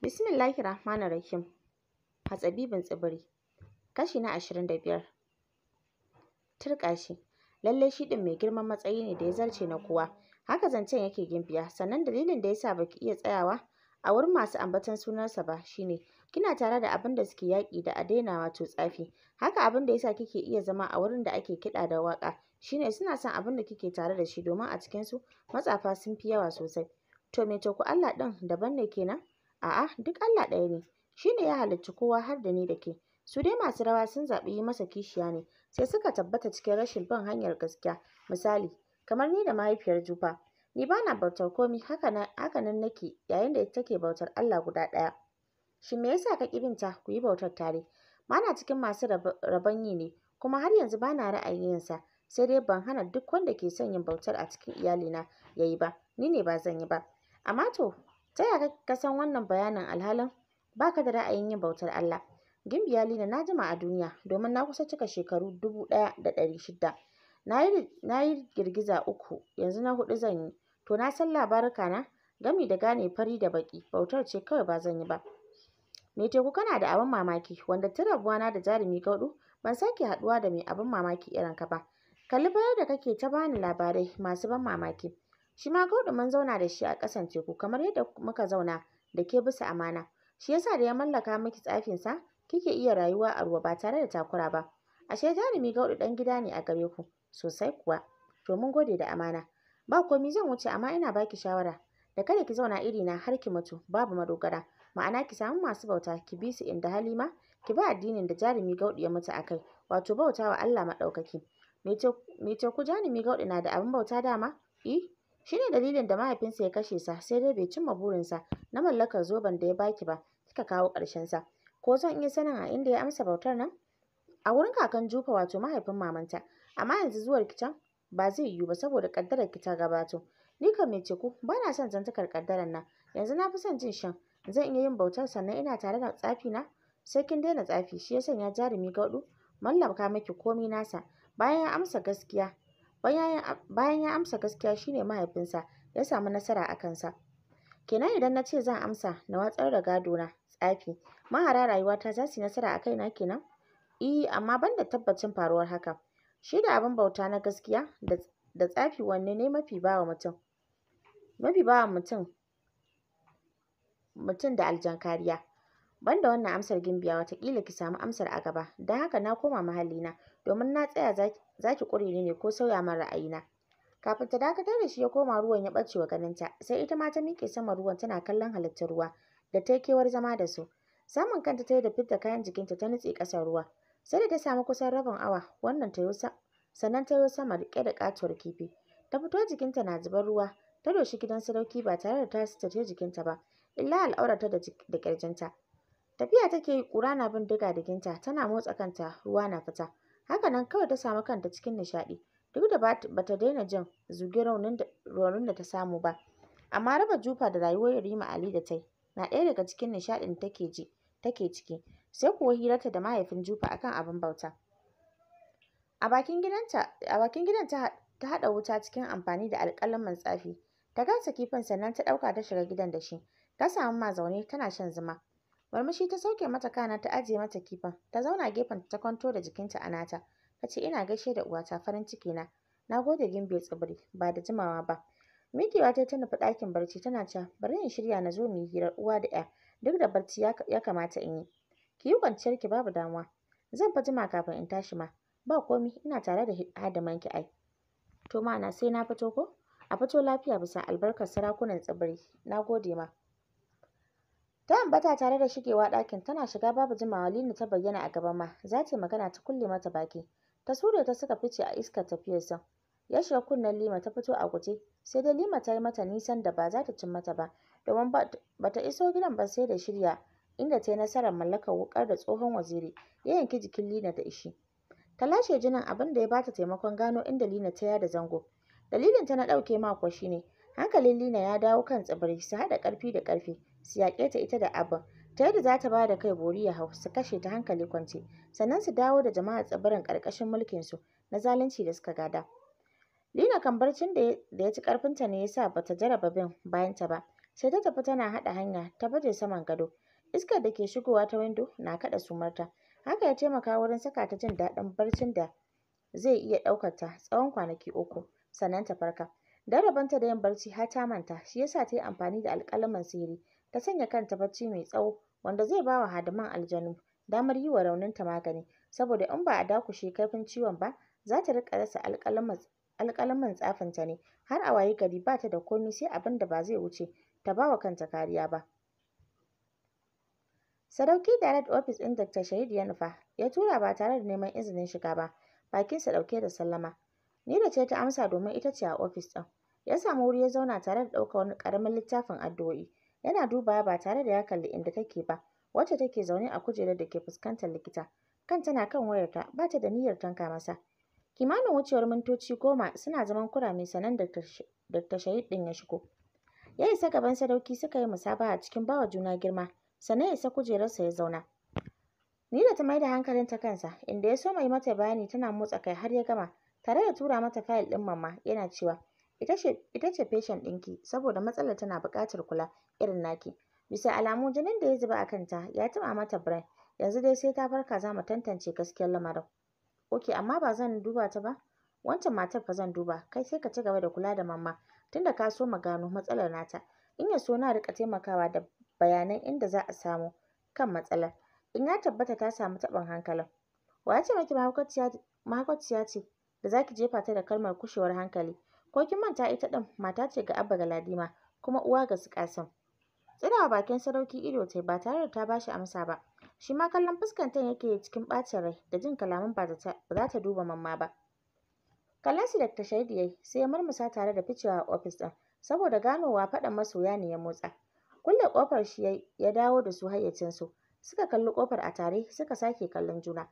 Bismillahir Rahmanir Rahim. Hatsabibin tsibiri. Kashi na ashirin da biyar. turkashi shi. Lallai shi din mai girman matsayi ne da ya zarce na kowa. Haka zancen yake gimbiya. Sannan dalilin da yasa baki iya tsayawa a wurin masu ambaton sunansa ba shine kina tare da abin da suke yaƙi da a daina wato tsafi. Haka abin da yasa kike iya zama a wurin da ake kiɗa da waƙa shine suna son abin da kike tare da shi domin a cikin su matsafa sun fi yawa sosai. To me ku Allah ɗin daban ne kenan? A'a, duk Allah ɗaya ne, shi ne ya halicci kowa har da ni da ke. Su dai masu rawa sun zaɓi yi masa kishiya ne, sai suka tabbata cikin rashin bin hanyar gaskiya. Misali, kamar ni da mahaifiyar Jufa, ni ba na bautar komi haka nan nake yayin da take bautar Allah guda ɗaya. shi me yasa ka ƙi binta ku yi bautar tare? Ba na cikin masu rabon yi ne, kuma har yanzu ba na ra'ayin yinsa. sai dai ban hana duk wanda ke son yin bautar a cikin iyalina ya yi ba, ni ne ba zan yi ba. Amma to, ta yaya ka san wannan bayanin alhalin ka da ra'ayin yin bautar Allah gimbiya Lina na jima a duniya domin na kusa cika shekaru dubu ɗaya da ɗari shida na yi girgiza uku yanzu na hudu zan yi to na san ka na gami da gane fari da baki, bautar ce kawai ba zan yi ba me teku kana da abin mamaki wanda tun na da jarumi gaudu ban sake haɗuwa da mai abin mamaki irin ka ba kalli bayar da kake ta bani labarai masu ban mamaki shi ma Gaudu mun zauna da shi a ƙasan teku kamar yadda muka zauna da ke bisa amana shi yasa da ya mallaka miki tsafinsa kike iya rayuwa a ruwa ba tare da takura ba ashe jarumi Gaudu ɗan gida ne a gare ku sosai kuwa to mun gode da amana ba komi zan wuce amma ina baki shawara da kada ki zauna iri na har ki mutu babu madogara ma'ana ki samu masu bauta ki bi su inda halima ki bi addinin da jarumi Gaudu ya mutu a kai wato bauta wa Allah maɗaukaki me ce ku jarumi Gaudu na da abin bauta dama eh Shi ne dalilin da mahaifinsa ya kashe sa sai dai bai cimma burinsa na mallakar zoben da ya baki ba kika kawo sa Ko zan iya sanin a inda ya amsa bautar nan? A wurin kakan Jufa wato mahaifin mamanta. Amma yanzu zuwar ki can ba zai yiwu ba saboda kaddarar ki ta gabato. Ni kan mai ceku ba na son zantakar kaddarar nan. Yanzu na fi son jin shan. Zan iya yin bautar sannan ina tare da tsafi na? Sai kin daina tsafi shi ya sanya jarumi gaudu mallaka miki komi nasa. Bayan ya amsa gaskiya Bayan ya amsa gaskiya shi ne mahaifinsa ya samu nasara a kansa. Kenan idan na ce zan amsa na watsar da gado na, tsafi mahara rayuwata za su yi nasara a kaina kenan? Eh amma ban da tabbacin faruwar haka. Shi da abin bauta na gaskiya da tsafi wanne ne mafi ba mutum? Mafi bawa mutum mutum da aljan kariya. Banda wannan amsar gimbiya wataƙila ki samu amsar a gaba, don haka na koma na, domin na tsaya za ki ƙure ni ne ko sauya min ra'ayina. Kafin ta dakatar da shi ya koma ruwan ya ɓace wa ganinta, sai ita ma ta miƙe saman ruwan tana kallon halittar ruwa da ta kewar zama da su. Samun kanta ta yi da kayan jikinta ta nutse ƙasar ruwa. Sai da ta samu kusan rabin awa wannan ta sannan ta yi sama riƙe da ƙatuwar kifi. Ta fito jikinta na zubar ruwa, ta doshi gidan sadauki ba tare da ta suturce jikinta ba, illa al'aurata da ƙirjinta. Tafiya take yi ƙura na bin diga ginta tana motsa kanta ruwa na fita. Haka nan kawai ta samu kanta cikin nishaɗi duk da bata daina jin zugi raunin da ta samu ba. Amma raba jufa da rayuwar Rima Ali da ta na ɗaya daga cikin nishaɗin da take ji take ciki. Sai kuwa hirarta da mahaifin Jufa akan abin bauta. A bakin gidanta a bakin gidan ta ta haɗa wuta cikin amfani da alƙalamin tsafi. Ta gasa kifin sannan ta ɗauka ta shiga gidan da shi. Ta samu mazauni tana shan zuma. Marmashi ta sauke mata kana ta ajiye mata kifin. Ta zauna gefen ta kwanto da jikinta a nata. Ta ce ina gaishe da uwata farin ciki na. Na gode gimbe tsibiri ba da jimawa ba. Mikiwa ta nufi ɗakin barci tana cewa bari in shirya na zo mu yi hirar uwa da ƴa duk da barci ya kamata in yi. Ki yi kwanciyar ki babu damuwa. Zan fa jima kafin in tashi ma. Ba komi ina tare da hadamanki ai. To ma'ana sai na fito ko? A fito lafiya bisa albarkar sarakunan tsibiri. Na gode ma. ta ambata tare da shigewa ɗakin tana shiga babu jimawa Lina ta bayyana a gaban ma za ta magana ta kulle mata baki ta sure ta suka fice a iskar tafiyarsa ya shiga kunnen Lima ta fito a guje sai dai Lima ta yi mata nisan da ba za ta cin mata ba domin ba ta iso gidan ba sai da shirya inda ta yi nasarar mallakar wukar da tsohon waziri ya yanki jikin Lina da ishi ta lashe jinin abin da ya bata taimakon gano inda Lina ta yada zango dalilin ta na ɗauke mako ne hankalin Lina ya dawo kan tsibiri su haɗa ƙarfi da ƙarfi su yaƙe ta ita da abin ta yadda za ta ba da kai bori ya hau su kashe ta hankali kwance sannan su dawo da jama'a tsibirin ƙarƙashin su na zalunci da suka gada lina kan barcin da ya ci ƙarfinta ne ya sa ba ta jaraba bin ta ba sai ta tafi tana haɗa hanya ta baje saman gado iskar da ke shigowa ta windo na kaɗa sumarta haka ya taimaka wurin saka ta jin daɗin barcin da zai iya ɗaukar ta tsawon kwanaki uku sannan ta farka don da yin barci har ta manta shi yasa ta yi amfani da alƙalaman sihiri ta sanya kanta bacci mai tsawo wanda zai bawa wa hadiman aljanu damar yi wa rauninta magani saboda in ba a dakushe kaifin ciwon ba zata ta riƙa rasa alƙalaman tsafinta ne har a waye gari ba ta da komai sai abin da ba zai wuce ta bawa kanta kariya ba. Sadauki Direct Office ɗin Dr. Shahid ya nufa ya tura ba tare da neman izinin shiga ba, bakinsa ɗauke da sallama. Ni da ce ta amsa domin ita ce a ofis ɗin. Ya samu wuri ya zauna tare da ɗaukar wani ƙaramin littafin addu'o'i Yana dubawa ba tare da ya kalli inda take ba, wacce take zaune a kujerar da ke fuskantar likita. Kan tana kan wayarta, ba ta da niyyar tanka masa. Kimanin wucewar mintoci goma suna zaman kurame sannan ta Shahid ɗin ya shigo. Ya isa gaban sadauki suka yi musabaha cikin bawa juna girma, sannan ya isa kujerarsa ya zauna. Ni da ta mai da hankalinta kansa, inda ya so mai mata bayani tana motsa kai har ya gama, tare da tura mata fayil ɗin mamma yana cewa, ita ce feshen ɗinki saboda matsalar tana buƙatar kula irin naki. Bisa alamu jinin da ya zuba a kanta ya taɓa mata brain. Yanzu dai sai ta farka za mu tantance gaskiyar lamarin. Ok, amma ba zan duba ta ba? Wancan matar fa zan duba, kai sai ka ci gaba da kula da mamma tunda ka so mu gano matsalar nata. In ya so na riƙa taimakawa da bayanan inda za a samo kan matsalar. In ya tabbata ta samu taɓin hankalin. Wa ya ce mahaukaciya ce da za ki jefa ta da kalmar kushewar hankali? Ko kin manta ita ɗin mata ce ga Abba Galadima kuma uwa ga su Ƙasim. Tsirawa bakin sadauki ido tai ba tare da ta ba shi amsa ba. Shi ma kallon fuskantan yake cikin ɓacin rai da jin kalaman ba za ta duba mamma ba. Kallon su da shaidi yayi sai ya murmusa tare da ficewa a ofis ɗin saboda ganowa faɗan masoya ne ya motsa. Kulle ƙofar shi ya dawo da su hayyacinsu. Suka kalli ƙofar a tare suka sake kallon juna.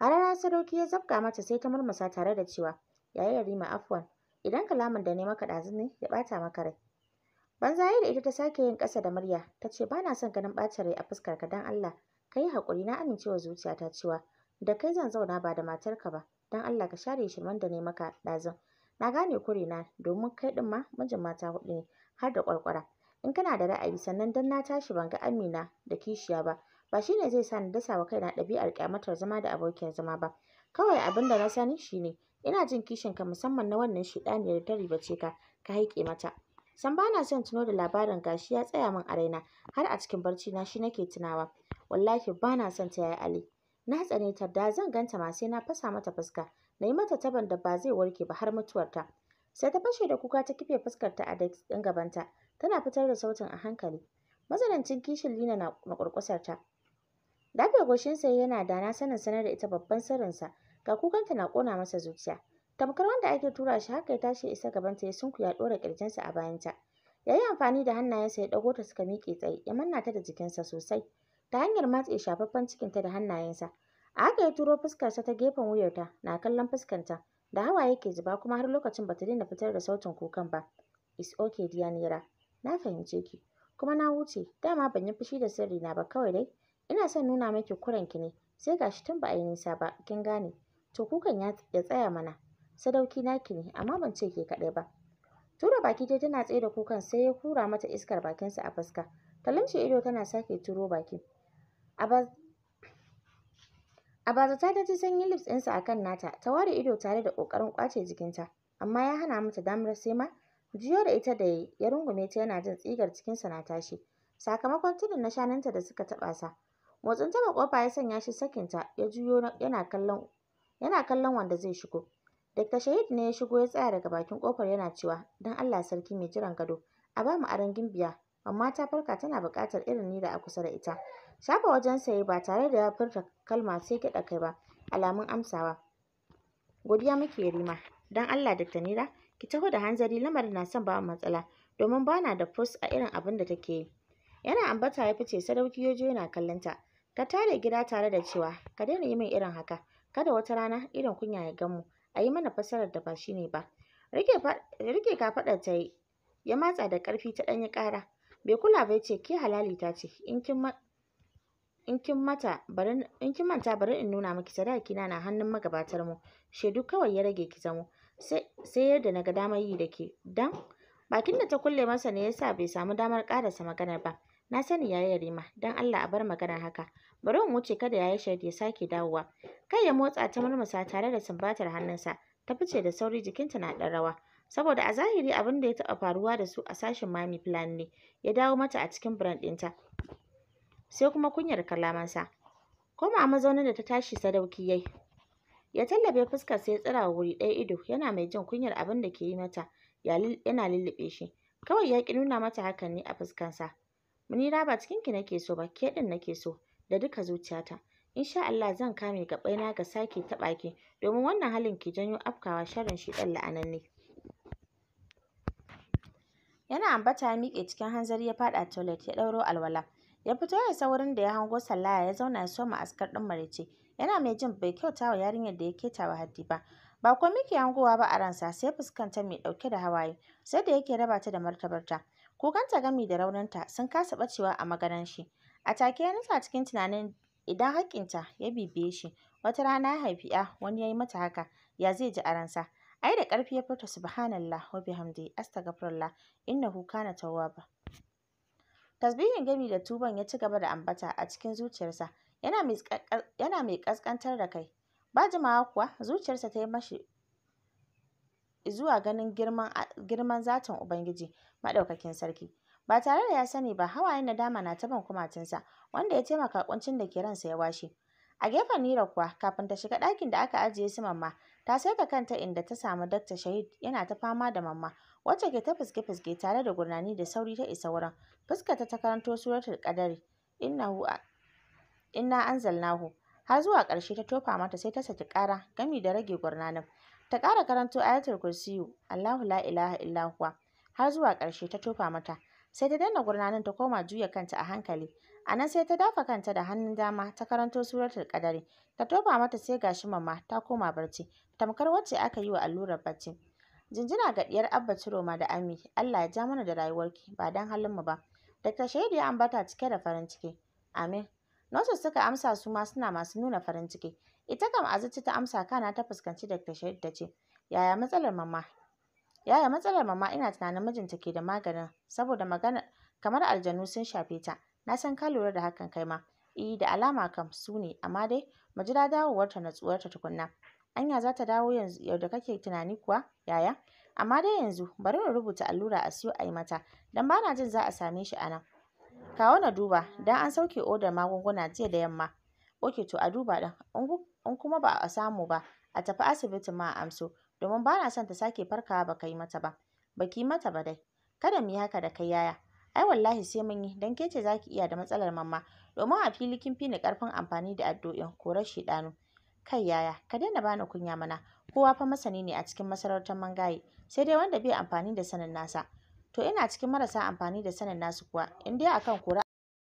A rana sadauki ya zabga mata sai ta murmusa tare da cewa yaya Rima afwan idan kalamin da ne maka ɗazu ne ya ɓata maka rai banzaye da ita ta sake yin ƙasa da murya ta ce ba na son ganin ɓacin rai a fuskarka don allah ka yi haƙuri na amincewa zuciyata cewa da kai zan zauna ba da matarka ba don allah ka share shi da ne maka ɗazun na gane kure na, domin kai ɗin ma mijin mata huɗu ne har da ƙwarƙwara in kana da ra'ayi sannan dan na tashi ban ga amina da kishiya ba ba shi ne zai sa ni dasa wa kaina ɗabi'ar ƙyamatar zama da abokiyar zama ba kawai abin da na sani shine Ina jin kishin ka musamman na wannan shiɗaniyar da ta ribace ka, ka haike mata. San ba na son tuno da labarin gashi ya tsaya min a raina, har a cikin barci na shi nake tunawa. Wallahi ba na son ta yaya Ali. Na tsane ta da zan ganta ma sai na fasa mata fuska, na yi mata taban da ba zai warke ba har mutuwarta. Sai ta fashe da kuka ta kife fuskarta a ɗin gabanta, tana fitar da sautin a hankali. Matsanancin kishin Lina na maƙurƙusarta. Dafe goshinsa yana da na sanin sanar da ita babban sirrinsa, ga kukanta na kona masa zuciya tamkar wanda ake tura shi haka ya tashi isa gabanta ya sunkuya ɗora ƙirjinsa a bayanta ya yi amfani da hannayensa ya ɗago ta suka miƙe tsaye ya manna ta da jikinsa sosai ta hanyar matse shafaffen cikinta da hannayensa a haka ya turo fuskarsa ta gefen wuyarta na kallon fuskanta da hawa yake zuba kuma har lokacin bata daina fitar da sautin kukan ba is okay diya nera na fahimce ki kuma na wuce dama ban yi fushi da sirri na ba kawai dai ina son nuna miki ki ne sai gashi tun ba a yi nisa ba kin gane to kukan ya tsaya mana sadauki naki ne amma ban ce ke kaɗai ba tura baki dai tana tsaye da kukan sai ya hura mata iskar bakinsa a fuska ta ido tana sake turo baki a ta ji sanyin lips ɗinsa a kan nata ta ware ido tare da ƙoƙarin ƙwace jikinta amma ya hana mata damar sai ma jiyo da ita da ya ya rungume ta yana jin tsigar cikinsa na tashi sakamakon tudun na shanunta da suka taɓa sa motsin taɓa ƙofa ya sanya shi sakinta ya juyo yana kallon yana kallon wanda zai shigo. Dr. Shahid ne ya shigo ya tsaya daga bakin kofar yana cewa, "Don Allah sarki mai jiran gado, a ba mu aron gimbiya, amma ta farka tana buƙatar irin ni da a kusa da ita." Shafa wajen saye ba tare da ya furta kalma sai kiɗa kai ba, alamun amsawa. Godiya muke Rima, don Allah Dr. Nira, ki taho da hanzari lamarin na son ba matsala, domin ba na da fus a irin abin da take yi. Yana ambata ya fice sadauki ya yana kallon ta. Ta tare gida tare da cewa, ka daina yi min irin haka. kada wata rana irin kunya ya gan mu a yi mana fassarar da ba shi ne ba rike kafaɗar ta yi ya matsa da ƙarfi ta danyi ƙara bai kula ba ya ce ke ta ce in kin in kin mata bari in kin manta bari in nuna miki sadaki na na hannun magabatar mu shaidu kawai ya rage ki zamo sai sai yadda ga damar yi da ke dan bakin da ta kulle masa ne yasa bai samu damar karasa magana ba Na sani yayi Yarima, don Allah a bar magana haka. Bari in wuce kada yayi Sharif ya sake dawowa. Kai ya motsa ta murmusa tare da sumbatar hannunsa. Ta fice da sauri jikinta na ɗan rawa. Saboda a zahiri abin da ya taɓa faruwa da su a sashen Mami Plan ne, ya dawo mata a cikin brand ɗinta. Sai kuma kunyar kalamansa. Koma a mazaunin da ta tashi sadauki yayi. Ya tallabe fuskar sai ya tsira wuri ɗaya ido, yana mai jin kunyar abin da ke yi mata, yana lulluɓe shi. Kawai ya ƙi nuna mata hakan ne a fuskarsa. munira ba cikin ki nake so ba ke din nake so da duka zuciyata insha Allah zan kame na ga sake taɓa ki domin wannan halin ki janyo afkawa sharrin shi ɗan la'ananne yana ambata ya miƙe cikin hanzari ya faɗa toilet ya ɗauro alwala ya fito ya saurin da ya hango sallaya ya zauna ya soma askar ɗin maraice yana mai jin bai kyauta wa yarinyar da ya keta wa haddi ba ba komai ke hangowa ba a ransa sai fuskanta mai ɗauke da hawaye sai da yake raba ta da martabarta Kukanta gami da ta sun kasa ɓacewa a maganan shi. A take ya nutsa cikin tunanin idan haƙƙinta ya bibiye shi wata rana ya haifi ‘ya wani ya yi mata haka ya zai ji a ransa. Ai da ƙarfi ya furta subhanallah wa na astaghfirullah innahu kana tawwaba. Tasbihin gami da tuban ya ci gaba da ambata a cikin zuciyarsa yana mai kaskantar da kai. Ba jimawa kuwa zuciyarsa ta yi mashi zuwa ganin girman, girman zatin Ubangiji Maɗaukakin Sarki. Ba tare da ya sani ba hawayen nadama na ta ban kumatunsa wanda ya taimaka ƙuncin da ke ransa ya washe. A gefen Nira kuwa kafin ta shiga ɗakin da aka ajiye su mamma ta saita kanta inda ta samu Dakta Shahid yana ta fama da mamma wacce ke ta fuske-fuske tare da gurnani da sauri ta isa wurin. Fuskarta ta karanto suratul qadari innahu inna anzalnahu har zuwa ƙarshe ta tofa mata sai ta saki ƙara gami da rage gurnanin. ta ƙara karanto ayatul kursiyu Allahu la ilaha illa har zuwa ƙarshe ta tofa mata sai ta danna gurnanin ta koma juya kanta a hankali a nan sai ta dafa kanta da hannun dama ta karanto suratul kadari ta tofa mata sai gashi mamma ta koma barci tamkar wacce aka yi wa allurar barci jinjina ga ɗiyar abba ciroma da ami Allah ya ja mana da rayuwarki ba dan halin mu ba Dr. Shaidu ya ambata cike da farin ciki amin nurses suka amsa su ma suna masu nuna farin ciki Ita kam Azuci ta amsa kana ta fuskanci Dr. Shahid ta ce, "Yaya matsalar mama?" "Yaya matsalar mama ina tunanin mijinta ke da maganin saboda magana kamar aljanu sun shafe ta. Na san ka lura da hakan kai ma." "Eh, da alama kam su ne, amma dai mu jira dawowarta natsuwarta tukunna." "Anya za ta dawo yanzu Yau da kake tunani kuwa, yaya?" "Amma dai yanzu bari na rubuta allura a siyo a yi mata, don ba na jin za a same shi a nan." "Kawo na duba, don an sauke odar magunguna jiya da yamma." "Ok, to a duba ɗin. in kuma ba a samu ba a tafi asibiti ma a amso domin ba na son ta sake farkawa ba ka yi mata ba ba ki mata ba dai kada mu yi haka da kai yaya ai wallahi sai mun yi dan ke ce za ki iya da matsalar mamma domin a fili kin fi ni ƙarfin amfani da addu'in ko rashi kai yaya ka daina bani kunya mana kowa fa masani ne a cikin masarautar mangaye sai dai wanda bai amfani da sanin nasa to ina cikin marasa amfani da sanin nasu kuwa in dai akan kura